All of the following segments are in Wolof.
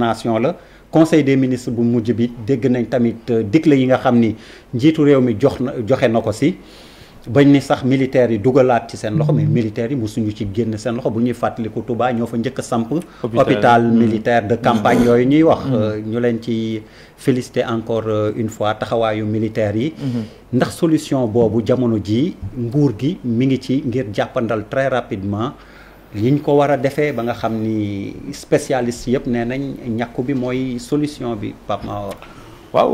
vaccination la conseil des ministres bu mujj bi dégg nañ tamit euh, digle yi nga xam ni njiitu réew mi jox na joxe na ko si bañ ni sax militaires yi dugalaat ci seen loxo mais mm-hmm. militaires yi mu suñu ci génn seen loxo bu ñuy fàttaliku Touba ñoo fa njëkk a samp hôpital mm-hmm. militaire de campagne mm-hmm. yooyu ñuy wax euh, ñu leen ci félicité encore euh, une fois taxawaayu militaires yi ndax solution boobu jamono ji nguur gi mi ngi ci ngir jàppandal très rapidement yiñ ko war a defee ba nga xam ni spécialiste yëpp nee nañ ñàkku bi mooy solution bi Pape Mahawa waaw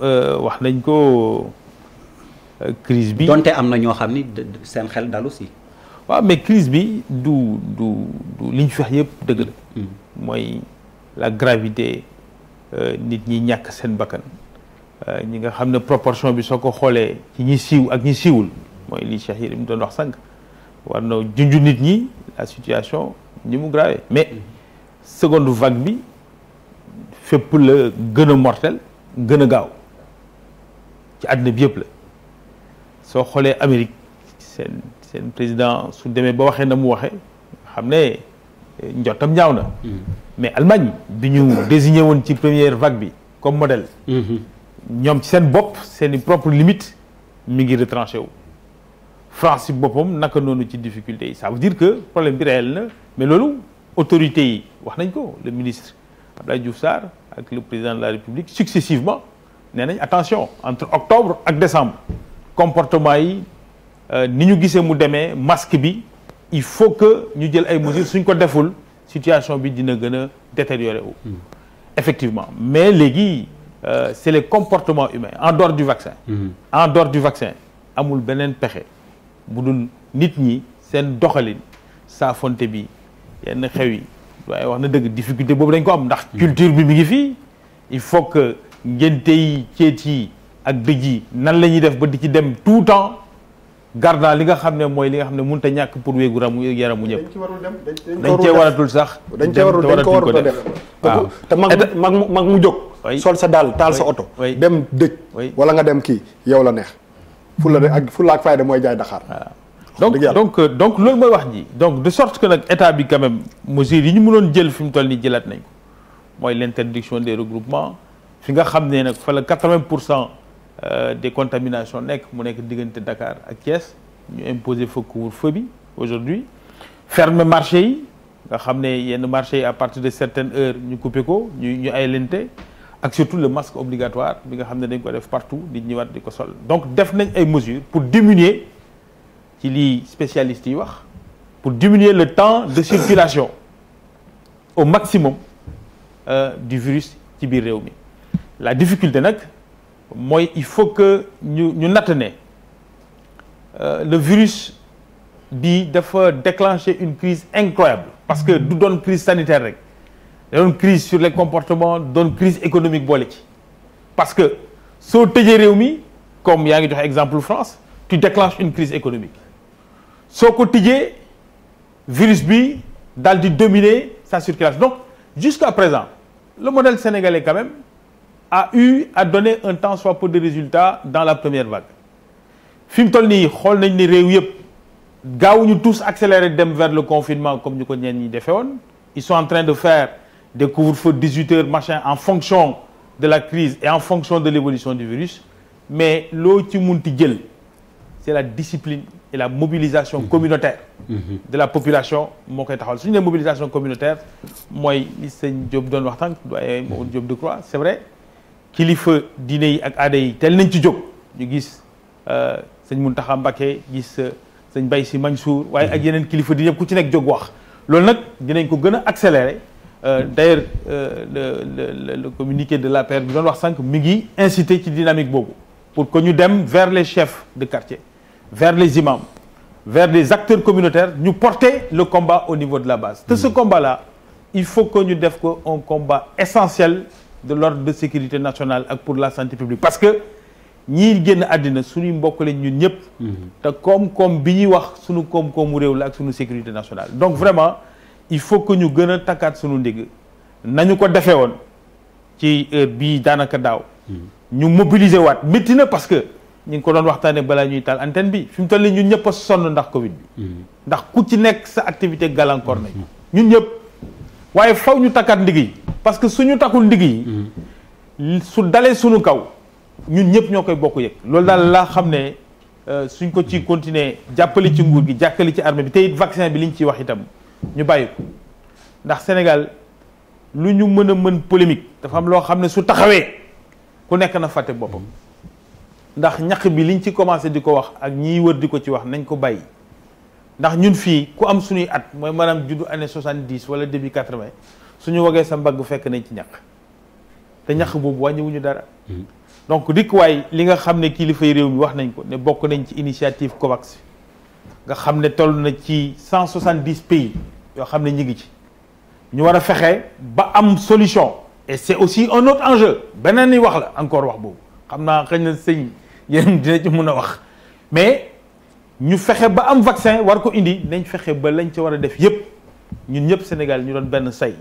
euh, wax nañ ko euh, crise bi donte am na ñoo xam ni seen xel dalu si waaw mais crise bi du du du fex yëpp dëgg la hmm. mooy la gravité euh, nit ñi ñàkk seen bakkan ñi nga xam ne proportion bi soo ko xoolee ci ñi siiw ak ñi siiwul mooy li Cheikh Yérim doon wax sànq war na junj nit ñi la situation ni mu grave mais mm-hmm. seconde vague bi fépp la gën a mortel gën a gaaw ci àddina bi yëpp la soo xoolee Amérique seen seen président su demee ba waxee na mu waxee xam ne eh, njottam ñaaw na mm-hmm. mais Allemagne bi ñu désigné woon ci première vague bi comme modèle mm-hmm. ñoom ci seen bopp seeni propre limite mi ngi retranché wu France si boppam naka noonu ci difficulté yi ça veut dire que problème bi réel na mais loolu autorité yi wax nañ ko le ministre Abdoulaye Diouf Sarr ak le président de la République successivement nee nañ attention entre octobre ak décembre comportement yi euh, ni ñu gisee mu demee masque bi il faut que ñu jël ay mesures suñ ko deful situation bi dina gën a détériorer wu hmm. effectivement mais léegi euh, c'est les comportements humains en dehors du vaccin hmm. en dehors du vaccin amul beneen pexe bu dul nit ñi seen doxalin saafonte bi yenn xew yi waaye wax na dëgg difficulté boobu dañ ko am ndax hmm. culture bi mi ngi fii il faut que ngénte yi ceet yi ak dëj yi nan la ñuy def ba di ci dem tout temps garda li nga xam ne mooy li nga xam ne mënut a ñàkk pour wéegu ramu yaramu ñëpp. dañ ci warul dem dañ cee waratul sax. dañ cee warul dañ ko warul ko def waaw te mag mag mu mag mu jóg. sol sa daal taal sa oto. dem dëj. wala nga dem kii yow la neex. fulla de ak fulla ak fayda mooy jaay daxaar. donc donc donc loolu mooy wax ji donc de sorte que nag état bi quand même mesures yi ñu mënoon jël fi toll nii jëlaat nañ ko mooy l' interdiction des regroupements fi nga xam ne nag fa la 80 pour cent euh, des nekk mu nekk diggante Dakar ak Thiès ñu imposer fa couvre-feu bi aujourd'hui fermer marché yi nga xam ne yenn marché yi à partir de certaines heures ñu couper ko ñu ñu ay lente ak surtout le masque obligatoire bi nga xam ne dañ ko def partout di waat di ko sol donc def nañ ay mesures pour diminuer ci lii spécialistes yi wax pour diminuer le temps de circulation au maximum euh, du virus ci biir réew mi la difficulté nag mooy il faut que ñu ñu natt ne euh, le virus bi dafa déclencher une crise incroyable parce que du doon crise sanitaire rek da doon crise sur les comportements doon crise économique boole parce que soo tëjee réew mi comme yaa ngi joxe exemple France tu déclenches une crise économique soo ko tijjee virus bi daal di dominer sa circulation donc jusqu'à présent le modèle sénégalais quand même a eu à donner un tant soit peu de résultats dans la première vague fi mu toll nii xool nañ ni réew yëpp gaawuñu tous accélérer dem vers le confinement comme ñu ko ñeen ñi defee woon ils sont de faire des couvre-feux 18 heures machin en fonction de la crise et en fonction de l'évolution du virus mais loo ci munti jël c'est la discipline et la mobilisation mhm. communautaire mhm. de la population moo koy taxawal suñu ne mobilisation communautaire mooy li sëñ Diop doon waxtaan doyen job mhm. de Decroix c'est vrai kilifa dina yi ak aada yi tel nañ ci jóg ñu gis euh, sëñ Mountakha Mbacké gis euh, sëñ si Sy Mansour waaye ak yeneen kilifa diine yëpp ku ci nekk jóg wax loolu nag dinañ ko gën a accélérer Euh, d'ailleurs euh, le le communiqué de la bi doon wax sànq mi ngi incité ci dynamique boobu pour que ñu dem vers les chefs de quartier vers les imams vers les acteurs communautaires ñu porter le combat au niveau de la base te ce mmh. combat là il faut que ñu def ko un combat essentiel de l'ordre de sécurité nationale ak pour la santé publique parce que ñii génn àddina suñuy mbokk lañ ñun ñëpp mmh. te koom-koom bi ñuy wax suñu koom-koomu réew la ak suñu sécurité nationale donc il faut que ñu gën a takkaat suñu ndigg nañu ko defee woon ci heure bii daanaka daaw mm-hmm. ñu mobiliser waat métti na parce que ñu ngi ko doon waxtaanee balaa ñuy taal antenne bi fi mu toll nii ñun ñëpp sonn ndax Covid bi mm-hmm. ndax ku ci nekk sa activité gàllankoor nañ mm-hmm. ñun ñëpp waaye fow ñu takkaat ndigg yi parce que suñu takkul ndigg yi su dalee suñu kaw ñun ñëpp ñoo koy bokk yëg loolu daal laa xam ne euh, suñ ko ci continuer jàppale ci nguur gi jàkkale ci armée bi tey it vaccin bi liñ ciy wax itam ñu bàyyi ko ndax Sénégal lu ñu mën a mën polémique dafa am loo xam ne su taxawee ku nekk na fàtte boppam ndax ñaq bi liñ ci commencé di ko wax ak ñiy wër di ko ci wax nañ ko bàyyi ndax ñun fii ku am suñuy at mooy maanaam juddu année soixante dix wala début quatre vingt suñu wagee sa mbagg fekk nañ ci ñaq te ñax boobu wàññiwuñu dara. Mm-hmm. donc dikkuwaay li nga xam ne kilifay réew mi wax nañ ko ne bokk nañ ci initiative COVAX nga xam ne toll na ci cent soixante dix pays. yoo xam ne ñu ngi ci ñu war a fexe ba am solution et c'est aussi un autre enjeu beneen ni wax la encore wax boobu xam naa xëy na sëñ yéen dina ci mun a wax mais ñu fexe ba am vaccin war ko indi nañ fexe ba lañ ca war a def yépp ñun ñëpp Sénégal ñu doon benn say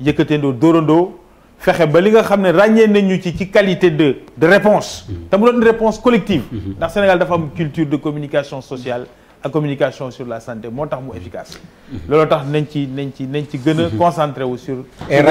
yëkkateendoo doorandoo fexe ba li nga xam ne ràññee nañu ci ci qualité de de réponse mm-hmm. te mu doon une réponse collective mm-hmm. ndax Sénégal dafa am culture de communication sociale ak communication sur la santé moo tax mu efficace looloo tax nañ ci nañ ci nañ concentré wu sur